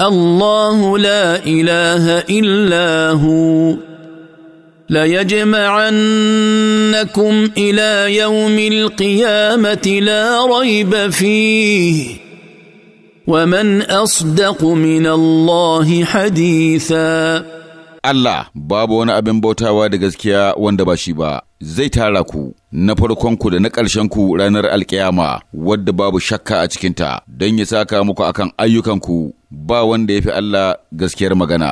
الله لا ilaha illahu هو ليجمعنكم الى يوم القيامه لا ريب فيه ومن اصدق من الله حديثا Allah babu wani abin bautawa da gaskiya wanda ba shi ba, zai tara ku na farkonku da na ƙarshenku ranar alkiyama wadda babu shakka a cikinta don ya saka muku akan ayyukanku ba wanda ya fi Allah gaskiyar magana.